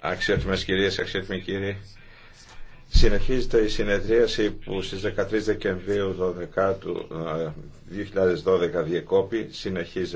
Αξιότιμες κυρίες, αξιότιμοι κύριοι, συνεχίζεται η συνεδρίαση που στις 13 Δεκεμβρίου 2012 ε, διεκόπη, συνεχίζεται.